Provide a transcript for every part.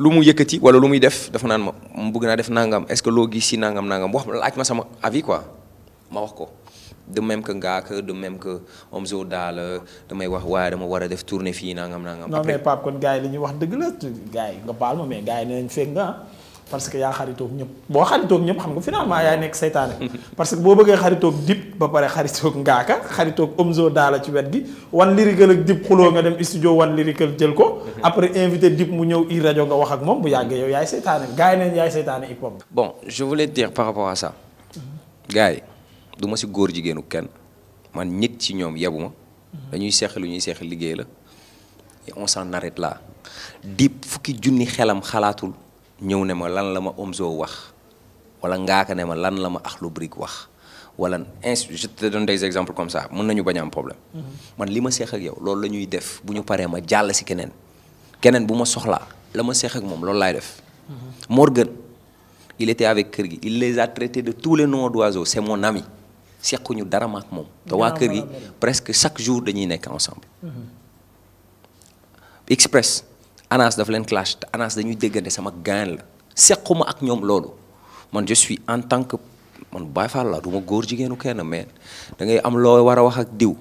lu mu yëkkati wala lu muy def dafa naan ma mu bëgg naa def nangam est-ce que loo gis si nangam nangam wax laaj ma sama avis quoi ma wax ko de même que Ngaaka de même que Omzo daal damay wax waaye dama war a def tournée fii nangam nangam. après non mais Pape kon gars yi ñuy wax dëgg la gars yi nga baal ma mais gars yi nee nañ fekk nga parce que yaa xaritoog ñëpp boo xaritoog ñëpp xam nga finalement yaay nekk seytaane. parce que boo bëggee xaritoog dip ba pare xaritoog ngaaka xaritoog Omzo daala ci wet gi wan lirikal ak dib xuloo nga dem studio wan lirikal jël ko après invité dip mu ñëw i rajo nga wax ak moom bu yàggee yow yaay seytaane gars neen yaay seytaane hip hop bon je voulais de par rapport à ça gars yi si góor jigéenu kenn man nit ci ñoom yebu ma dañuy seex lu ñuy seex liggéey la et on s'en arrête là fukki junni xelam xalaatul ñëw ne ma lan la ma Omzo wax walla ngaaka ne ma lan la ma Akhlou wax wala je te donne des exemples comme ça mën nañu bañ am problème. Mhm. man li ma seex ak yow loolu la ñuy def bu ñu paree ma jàll si keneen keneen bu ma soxlaa la ma seex ak moom loolu laay def. Mhm. Morgan il était avec kër gi il les a traités de tous les noms d'oiseaux c'est mon ami sequñu dara ma ak moom. te waa kër gi presque chaque jour dañuy nekk ensemble. Mhm. express Anas daf leen clash te Anas dañuy déggante sama gain la sequma ak ñoom loolu man je suis en tant que. man Baay Faal laa du ma góor jigéenu kenn mais da ngay am loo war a wax ak diw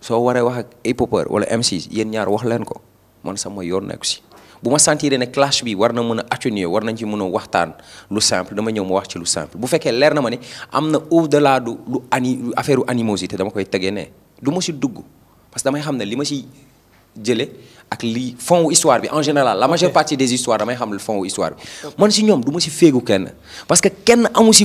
soo waree wax ak hip hopeur wala MC yéen ñaar wax leen ko man sama yoon nekku si bu ma sentir ne clash bi war na mën a atténuer war nañ ci mën waxtaan lu simple dama ñëw ma wax ci lu simple bu fekkee leer na ma ne am na au delà du lu ani affaire animosité dama koy tegee ne du ma si dugg parce que damay xam ne li ma si jële ak li fond histoire en général la majeure partie des histoires damay xam fond histoire bi man si ñoom du ma si féegu kenn parce que kenn amu si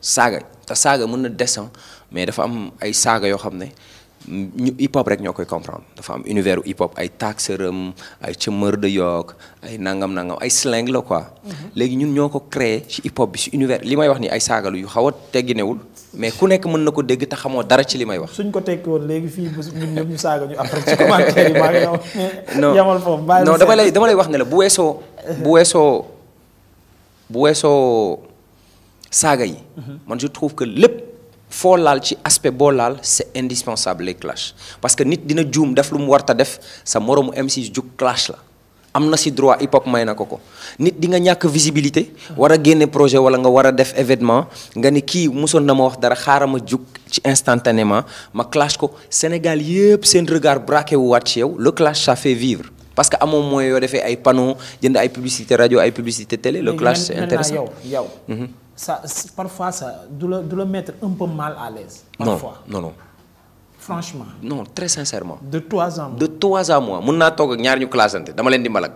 saaga te saaga mën na dessin mais dafa am ay saaga yoo xam ne ñu hip hop rek ñoo koy comprendre dafa am univers hip hop ay taxeram ay cëmër de yokk ay nangam nangam ay slang la quoi. Mhm. léegi ñun ñoo ko créé ci hip hop bi ci univers li may wax ni ay saagalu yu xaw a tegginewul mais ku nekk mën na ko dégg te xamoo dara ci li may wax. suñ ko tekki woon léegi fii ñun ñëpp ñu saaga ñu après ci dama lay dama lay wax ne bu weesoo. bu weesoo bu weesoo. saga yi. man je trouve que lépp fo lal ci aspect bo lal c'est indispensable les clash parce que nit dina juum def lu mu warta def sa moromu MC juk clash la. amna ci droit hip hop mayna koko nit di nga ñak visibilité wara génné projet wala nga wara def événement nga ni ki musson na ma wax dara xaaral ma ci instantanément ma clash ko Sénégal yépp sen regard braqué wu waat le clash ça fait vivre parce que moment, il y a des panneaux des publicités radio, radio, ay publicité télé le clash mhm. c'est intéressant ça parfois ça doit le mettre un peu mal à l'aise parfois non non non franchement non très sincèrement de trois ans. de trois ans moi mon naa toog ak ñaar ñu clashante dama